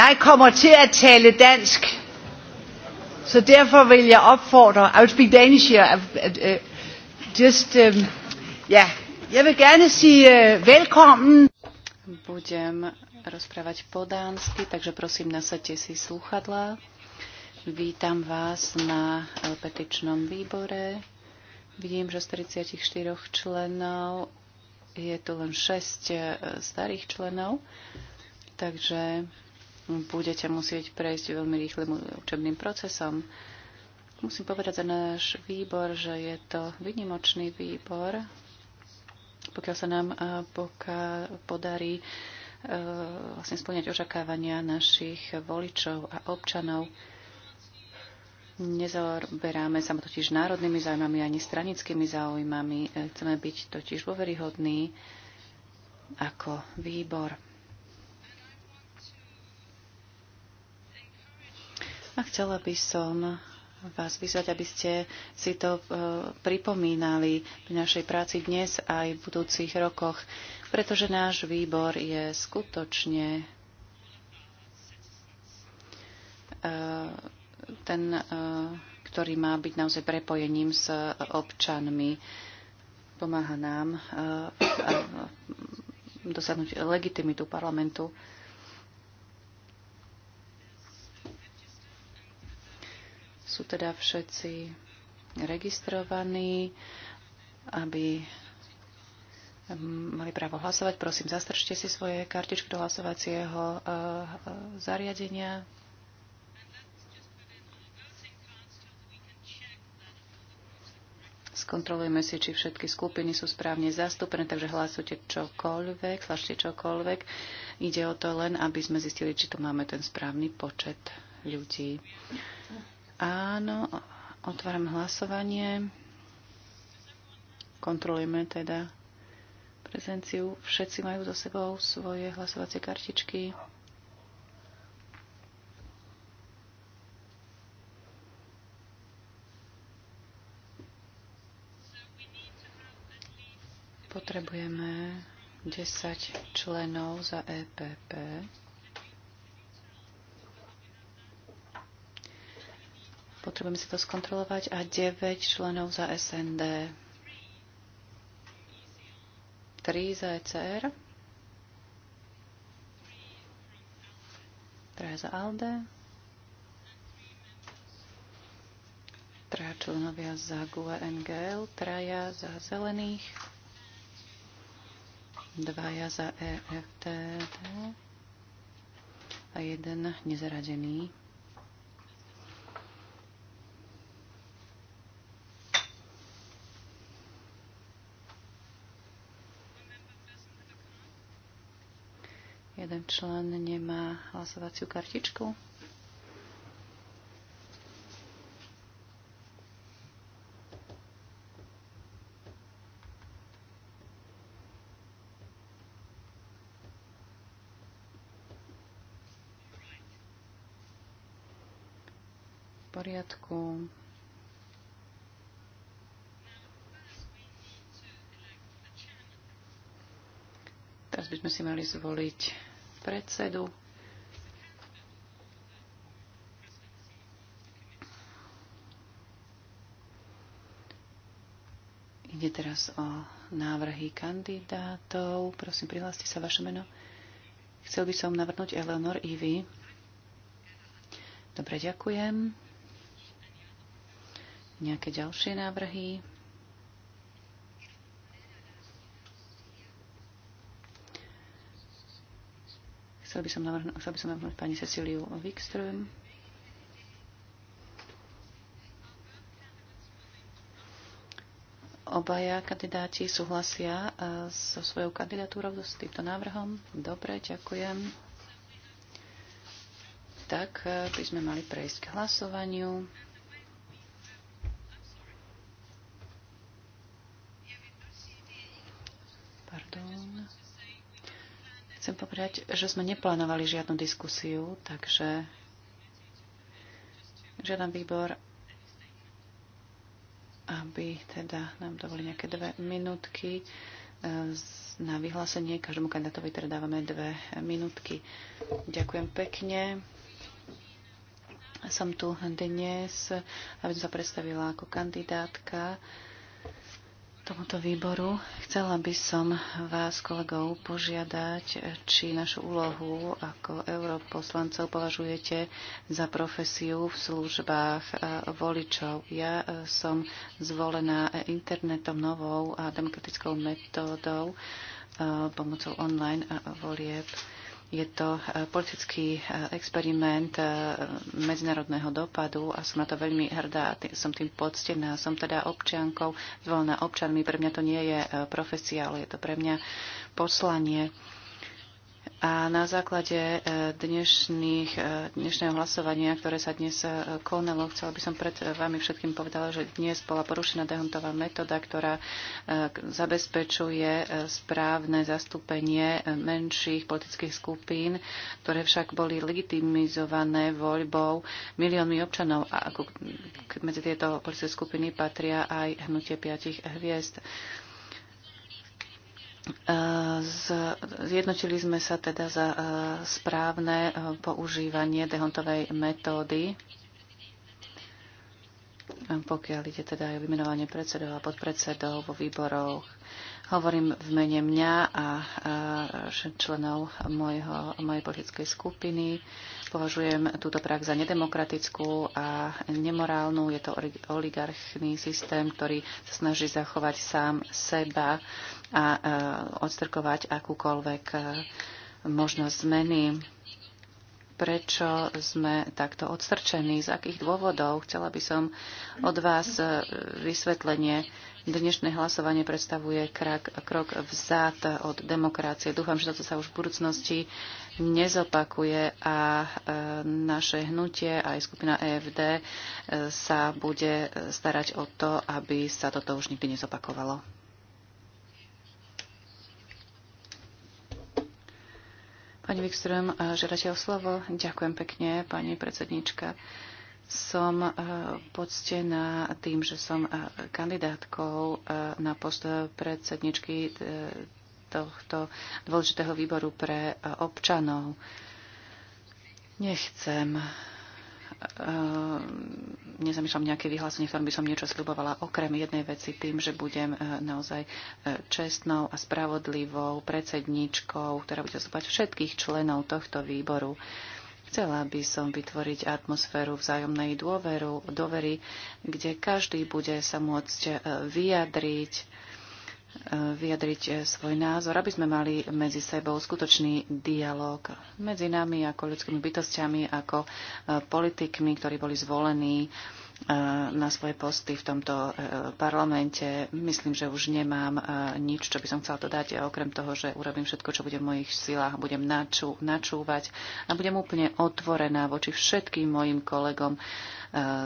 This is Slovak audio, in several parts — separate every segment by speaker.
Speaker 1: Jeg kommer til at tale dansk, så derfor vil jeg opfordre, I will speak Danish here, uh, uh, just, um, ja, um, yeah. jeg vil gerne sige uh, velkommen. Budem rozprávať po dánsky, takže prosím, nasadte si sluchadla. Vítam vás na uh, petičnom výbore. Vidím, že z 34 členov je tu len 6 uh, starých členov, takže budete musieť prejsť veľmi rýchlym učebným procesom. Musím povedať za náš výbor, že je to vynimočný výbor. Pokiaľ sa nám eh, podarí eh, vlastne splňať očakávania našich voličov a občanov, nezaoberáme sa totiž národnými záujmami ani stranickými záujmami. Eh, chceme byť totiž dôveryhodní ako výbor. A chcela by som vás vyzvať, aby ste si to e, pripomínali pri našej práci dnes aj v budúcich rokoch, pretože náš výbor je skutočne e, ten, e, ktorý má byť naozaj prepojením s občanmi. Pomáha nám dosiahnuť legitimitu parlamentu. sú teda všetci registrovaní, aby mali právo hlasovať. Prosím, zastrčte si svoje kartičky do hlasovacieho eh, zariadenia. Skontrolujeme si, či všetky skupiny sú správne zastúpené, takže hlasujte čokoľvek, slažte čokoľvek. Ide o to len, aby sme zistili, či tu máme ten správny počet ľudí. Áno, otváram hlasovanie. Kontrolujeme teda prezenciu. Všetci majú so sebou svoje hlasovacie kartičky.
Speaker 2: potrebujeme
Speaker 1: 10 členov za EPP. potrebujeme si to skontrolovať, a 9 členov za SND. 3 za ECR. 3 za ALDE. 3 členovia za GUE NGL. 3 za Zelených. 2 za EFTD. A jeden nezaradený. člen nemá hlasovaciu kartičku. poriadku. Teraz by sme si mali zvoliť predsedu. Ide teraz o návrhy kandidátov. Prosím, prihláste sa vaše meno. Chcel by som navrhnúť Eleonor Ivy. Dobre, ďakujem. Nejaké ďalšie návrhy? Chcel by som navrhnúť, chcel by som navrhnúť pani Cecíliu Wikström. Obaja kandidáti súhlasia eh, so svojou kandidatúrou, s týmto návrhom. Dobre, ďakujem. Tak eh, by sme mali prejsť k hlasovaniu. Chcem povedať, že sme neplánovali žiadnu diskusiu, takže žiadam výbor, aby teda nám dovolili nejaké dve minútky e, na vyhlásenie. Každému kandidátovi teda dávame dve minútky. Ďakujem pekne. Som tu dnes, aby som sa predstavila ako kandidátka tomuto výboru. Chcela by som vás, kolegov, požiadať, či našu úlohu ako europoslancov považujete za profesiu v službách e, voličov. Ja e, som zvolená internetom novou a demokratickou metódou e, pomocou online volieb. Je to e, politický e, experiment e, medzinárodného dopadu a som na to veľmi hrdá, som tým poctená. Som teda občiankou, zvolená občanmi. Pre mňa to nie je profesia, ale je to pre mňa poslanie. A na základe e, dnešných, e, dnešného hlasovania, ktoré sa dnes e, konalo, chcela by som pred vami všetkým povedala, že dnes bola porušená dehontová metóda, ktorá zabezpečuje správne zastúpenie menších politických skupín, ktoré však boli legitimizované voľbou miliónmi občanov. A medzi tieto politické skupiny patria aj hnutie piatich hviezd. E, zjednotili sme sa teda za e, správne e, používanie dehontovej metódy, pokiaľ ide teda aj o vymenovanie predsedov a podpredsedov vo výboroch. Hovorím v mene mňa a členov mojho, mojej politickej skupiny. Považujem túto prax za nedemokratickú a nemorálnu. Je to oligarchný systém, ktorý sa snaží zachovať sám seba a e, odstrkovať akúkoľvek e, možnosť zmeny prečo sme takto odstrčení, z akých dôvodov. Chcela by som od vás e, vysvetlenie Dnešné hlasovanie predstavuje krok, krok vzad od demokracie. Dúfam, že toto sa už v budúcnosti nezopakuje a e, naše hnutie, aj skupina EFD, e, sa bude starať o to, aby sa toto už nikdy nezopakovalo. Pani Wikström, e, žiadate o slovo. Ďakujem pekne, pani predsednička som eh, poctená tým, že som eh, kandidátkou eh, na post predsedničky tohto dôležitého výboru pre občanov. Nechcem nezamýšľam nejaké vyhlásenie, v ktorom by som niečo sľubovala okrem jednej veci tým, že budem naozaj čestnou a spravodlivou predsedničkou, ktorá bude zúpať všetkých členov tohto výboru. Chcela by som vytvoriť atmosféru vzájomnej dôveru, dôvery, kde každý bude sa môcť e, vyjadriť, e, vyjadriť e, svoj názor, aby sme mali medzi sebou skutočný dialog medzi nami ako ľudskými bytostiami, ako politikmi, ktorí boli zvolení E, na svoje posty v tomto e, parlamente. Myslím, že už nemám e, nič, čo by som chcela dodať, okrem toho, že urobím všetko, čo bude v mojich silách, budem načú, načúvať a budem úplne otvorená voči všetkým mojim kolegom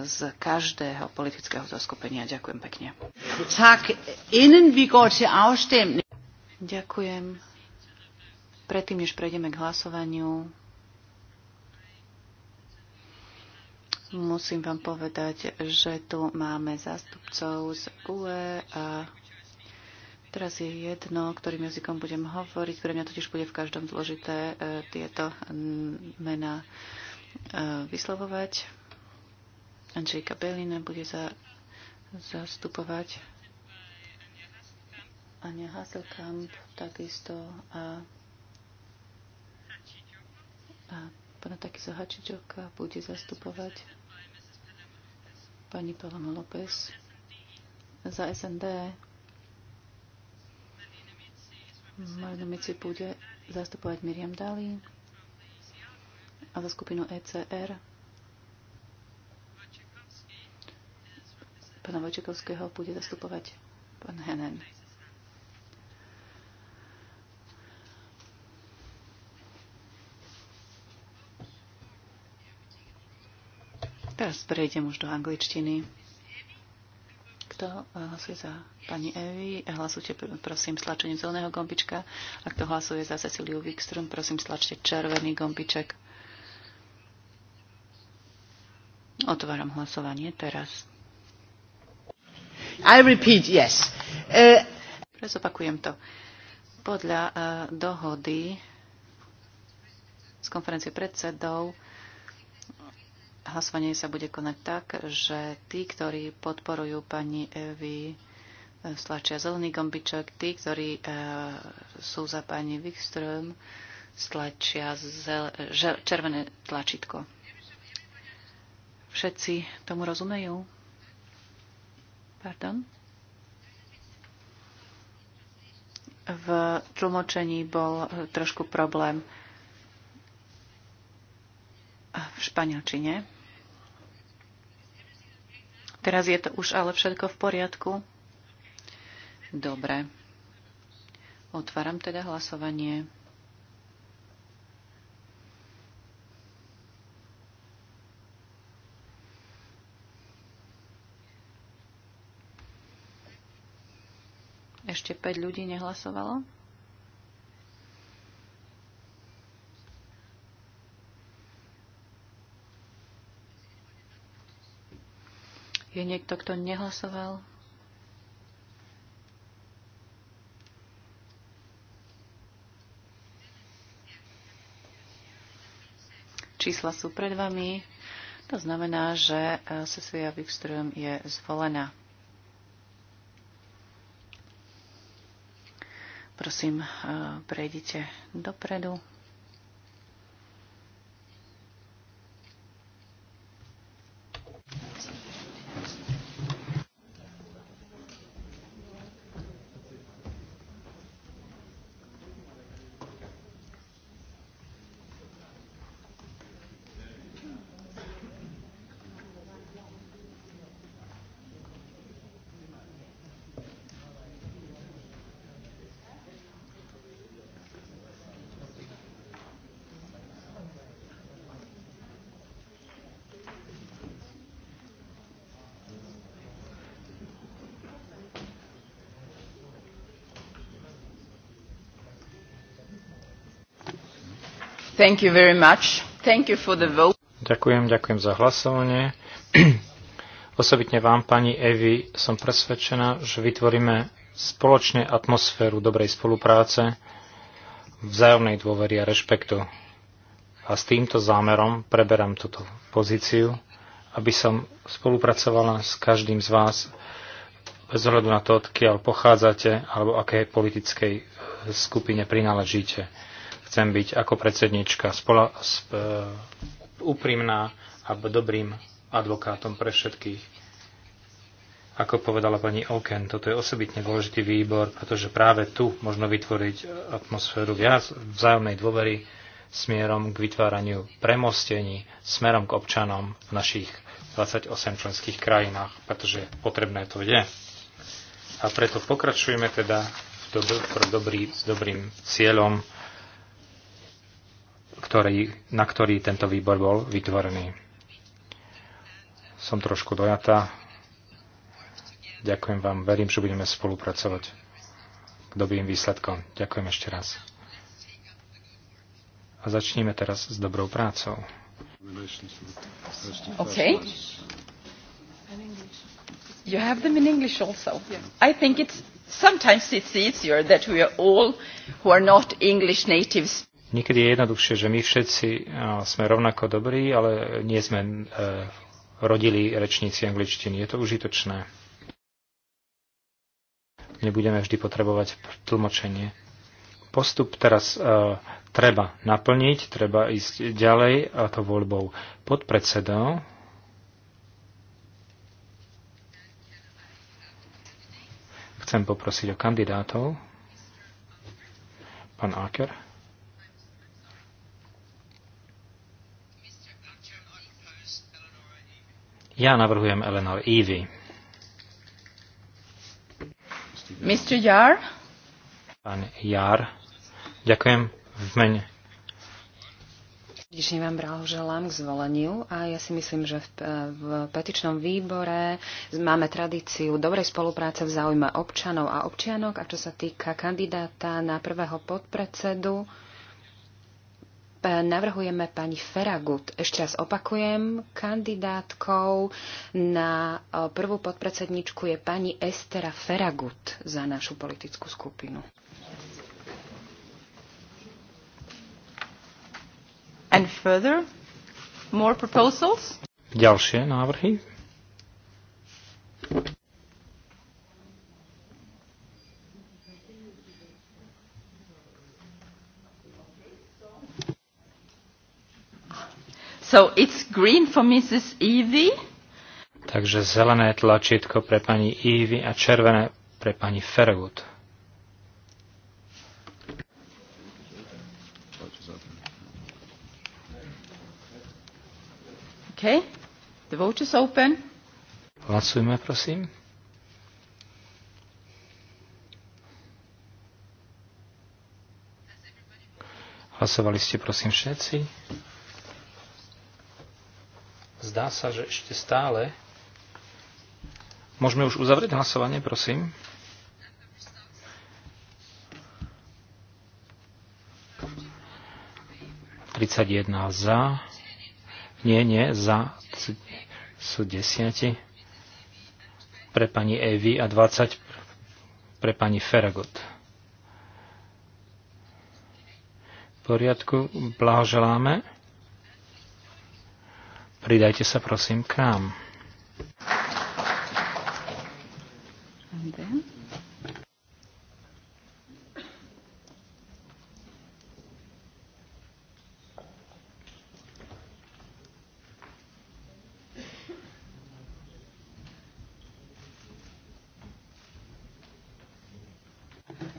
Speaker 1: z každého politického zoskupenia. Ďakujem pekne. Tak, innen vi går til Ďakujem. Predtým, než prejdeme k hlasovaniu, Musím vám povedať, že tu máme zástupcov z UE a teraz je jedno, ktorým jazykom budem hovoriť. Pre mňa totiž bude v každom dôležité e, tieto mená e, vyslovovať. Andrzejka Belina bude za, zastupovať Ania Hasselkamp takisto a, a pána Takiso Hačičoka bude zastupovať. Pani Paloma López za SND. Marina Mici bude zastupovať Miriam Dali a za skupinu ECR Pana Vojčekovského bude zastupovať pán Henen. teraz prejdem už do angličtiny. Kto eh, hlasuje za pani Evi, hlasujte prosím stlačením zeleného gombička. A kto hlasuje za Ceciliu Wikström, prosím stlačte červený gombiček. Otváram hlasovanie teraz. I repeat, yes. Uh... to. Podľa uh, dohody z konferencie predsedov hlasovanie sa bude konať tak, že tí, ktorí podporujú pani Evi, e, stlačia zelený gombiček, tí, ktorí e, sú za pani Wikström, stlačia zel, že, červené tlačítko. Všetci tomu rozumejú? Pardon? V tlmočení bol e, trošku problém v španielčine. Teraz je to už ale všetko v poriadku. Dobre. Otváram teda hlasovanie. Ešte 5 ľudí nehlasovalo. Je niekto, kto nehlasoval? Čísla sú pred vami. To znamená, že e, Cecilia Wikström je zvolená. Prosím, e, prejdite dopredu. Thank you very much. Thank you for the vote.
Speaker 3: Ďakujem, ďakujem za hlasovanie. Osobitne vám, pani Evi, som presvedčená, že vytvoríme spoločne atmosféru dobrej spolupráce, vzájomnej dôvery a rešpektu. A s týmto zámerom preberám túto pozíciu, aby som spolupracovala s každým z vás bez ohľadu na to, odkiaľ pochádzate alebo aké politickej eh, skupine prináležíte chcem byť ako predsednička spola, sp, e, úprimná a dobrým advokátom pre všetkých. Ako povedala pani Oken, toto je osobitne dôležitý výbor, pretože práve tu možno vytvoriť atmosféru viac vzájomnej dôvery smierom k vytváraniu premostení smerom k občanom v našich 28 členských krajinách, pretože potrebné to je. A preto pokračujeme teda v dobrý, s dobrým cieľom ktorý, na ktorý tento výbor bol vytvorený. Som trošku dojatá. Ďakujem vám, verím, že budeme spolupracovať k dobrým výsledkom. Ďakujem ešte raz. A začníme teraz s dobrou prácou.
Speaker 2: OK.
Speaker 1: You have them in English also. Yeah. I think it's sometimes it's easier that we are all who are not English natives
Speaker 3: Niekedy je jednoduchšie, že my všetci sme rovnako dobrí, ale nie sme e, rodili rečníci angličtiny. Je to užitočné. Nebudeme vždy potrebovať tlmočenie. Postup teraz e, treba naplniť, treba ísť ďalej a to voľbou podpredsedov. Chcem poprosiť o kandidátov. Pán Aker. Ja navrhujem Eleanor Evy.
Speaker 2: Mr. Jar?
Speaker 3: Pán Jar. Ďakujem v mene.
Speaker 2: Srdečne vám blahoželám k zvoleniu a ja si myslím, že v, e, v petičnom výbore máme tradíciu dobrej spolupráce v záujme občanov a občianok a čo sa týka kandidáta na prvého podpredsedu, navrhujeme pani Feragut. Ešte raz opakujem, kandidátkou na e, prvú podpredsedničku je pani Estera Feragut za našu politickú skupinu. And further,
Speaker 1: more proposals?
Speaker 3: Ďalšie návrhy?
Speaker 1: So it's green for Mrs. Evie.
Speaker 3: Takže zelené tlačítko pre pani Evie a červené pre pani Fergut.
Speaker 1: Okay. The vote is open.
Speaker 3: Hlasujme, prosím. Hlasovali ste, prosím, všetci. Zdá sa, že ešte stále. Môžeme už uzavrieť hlasovanie, prosím. Tridsaťjedná za. Nie, nie, za sú desiati. Pre pani Evy a 20 pre pani Feragot. V poriadku, blahoželáme. Pridajte sa prosím k nám.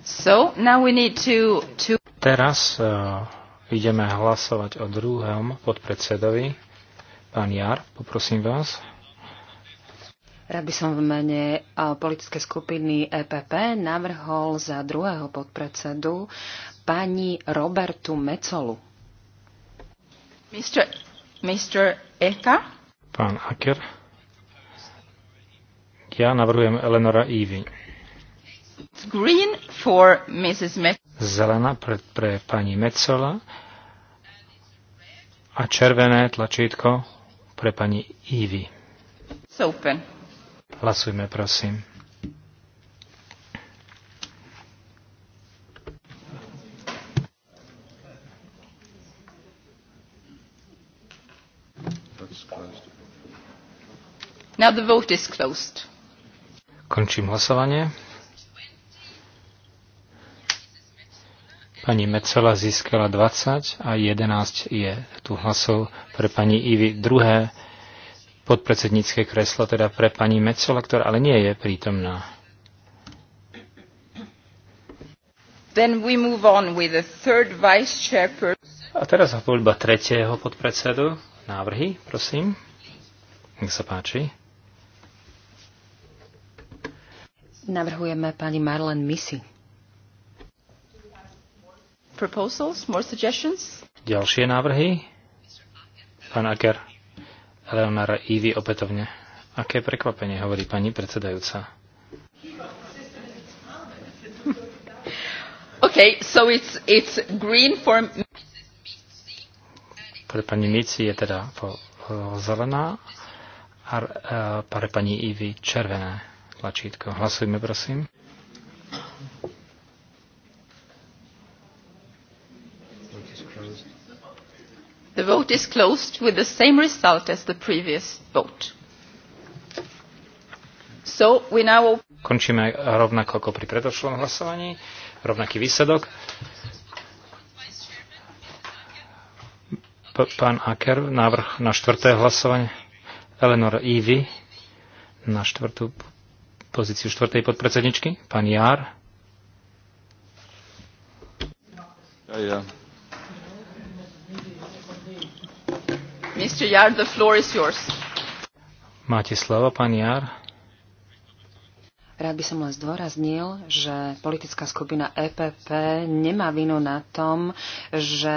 Speaker 1: So, now we need
Speaker 3: to, to... Teraz uh, ideme hlasovať o druhom podpredsedovi Pán Jar, poprosím vás.
Speaker 2: Rád by som v mene politické skupiny EPP navrhol za druhého podpredsedu pani Robertu Mecolu. Mr. Mr. Eka?
Speaker 3: Pán Aker. Ja navrhujem Eleonora Evie.
Speaker 2: Green for Mrs. Met-
Speaker 3: Zelená pre, pre pani Mecola a červené tlačítko pre pani Ivy. Open. Hlasujme, prosím.
Speaker 1: Now the vote is closed.
Speaker 3: Končím hlasovanie. Pani Mecela získala 20 a 11 je tu hlasov pre pani Ivy. Druhé podpredsednícke kreslo teda pre pani Mecela, ktorá ale nie je prítomná.
Speaker 2: Then we move on with the third vice
Speaker 3: A teraz voľba tretieho podpredsedu. Návrhy, prosím. Nech sa páči.
Speaker 2: Navrhujeme pani Marlen Misi proposals, more suggestions?
Speaker 3: Ďalšie návrhy? Pán Aker, Eleonora Ivy opätovne. Aké prekvapenie, hovorí pani predsedajúca.
Speaker 1: Okay, so it's, it's green for...
Speaker 3: Pre pani Mici je teda po, po zelená a, a pre pani Ivy červené tlačítko. Hlasujme, prosím.
Speaker 1: The vote is closed with the same result as the previous vote. So we now...
Speaker 3: Končíme rovnako ako pri predošlom hlasovaní, rovnaký výsledok. P- pán Aker, návrh na štvrté hlasovanie. Eleanor Ivy na štvrtú pozíciu štvrtej podpredsedničky. Pán Jár.
Speaker 2: Ja, ja. Mr. Jar, the floor is yours.
Speaker 3: Máte slovo, pán Jar.
Speaker 2: Rád by som len zdôraznil, že politická skupina EPP nemá vinu na tom, že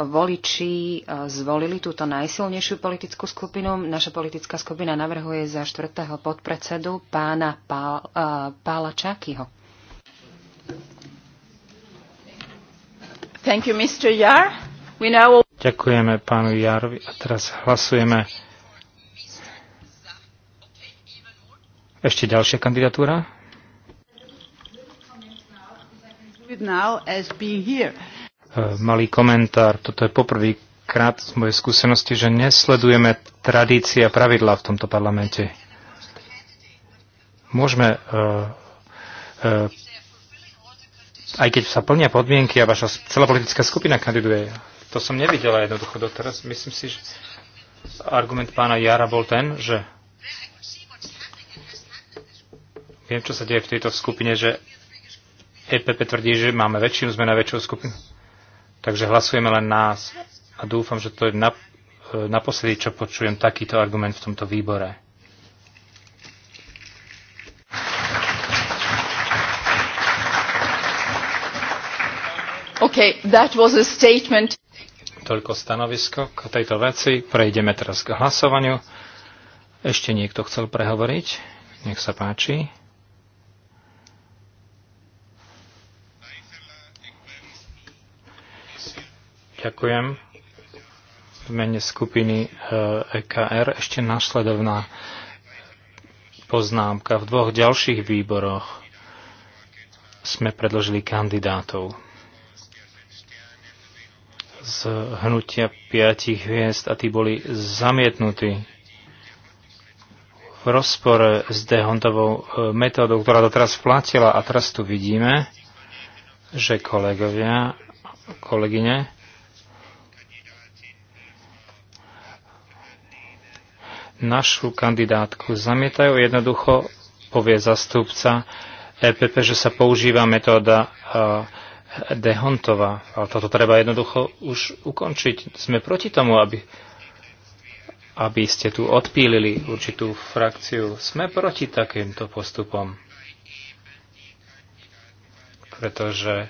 Speaker 2: voliči e, zvolili túto najsilnejšiu politickú skupinu. Naša politická skupina navrhuje za štvrtého podpredsedu pána e, Pála Čakyho. Thank you, Mr. Jar.
Speaker 3: Ďakujeme pánu Jarovi a teraz hlasujeme. Ešte ďalšia kandidatúra?
Speaker 1: E,
Speaker 3: malý komentár. Toto je poprvý krát z mojej skúsenosti, že nesledujeme tradície a pravidlá v tomto parlamente. Môžeme, uh, uh, aj keď sa plnia podmienky a vaša celá politická skupina kandiduje, to som nevidela jednoducho doteraz. Myslím si, že argument pána Jara bol ten, že viem, čo sa deje v tejto skupine, že EPP tvrdí, že máme väčšinu, sme na väčšiu skupinu. Takže hlasujeme len nás. A dúfam, že to je na, e, naposledy, čo počujem takýto argument v tomto výbore.
Speaker 1: Okay, that was a statement.
Speaker 3: Toľko stanovisko k tejto veci. Prejdeme teraz k hlasovaniu. Ešte niekto chcel prehovoriť? Nech sa páči. Ďakujem. V mene skupiny EKR eh, e ešte následovná poznámka. V dvoch ďalších výboroch sme predložili kandidátov z hnutia piatich hviezd a tí boli zamietnutí v rozpore s Dehontovou e, metódou, ktorá doteraz platila a teraz tu vidíme, že kolegovia, kolegyne, našu kandidátku zamietajú. Jednoducho povie zastupca EPP, že sa používa metóda uh, Dehontová. Ale toto treba jednoducho už ukončiť. Sme proti tomu, aby, aby ste tu odpílili určitú frakciu. Sme proti takýmto postupom. Pretože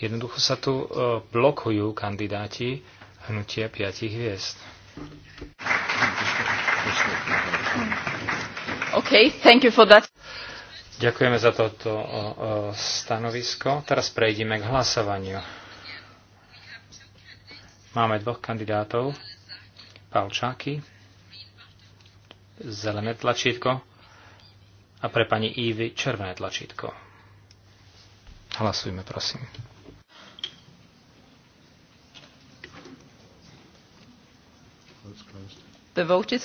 Speaker 3: jednoducho sa tu e, blokujú kandidáti hnutia piatich hviezd.
Speaker 1: Okay, thank you for that.
Speaker 3: Ďakujeme za toto stanovisko. Teraz prejdeme k hlasovaniu. Máme dvoch kandidátov. Pál Čáky, zelené tlačítko a pre pani Ivy červené tlačítko. Hlasujme, prosím.
Speaker 1: The vote is